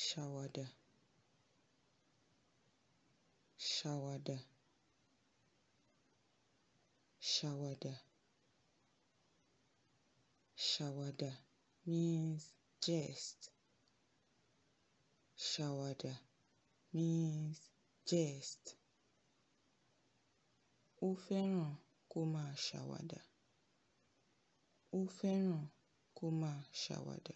Shawada, shawada, shawada, shawada means jest Shawada means jest ó fẹ́ràn kó máa ṣàwàdà ó fẹ́ràn kó máa ṣàwàdà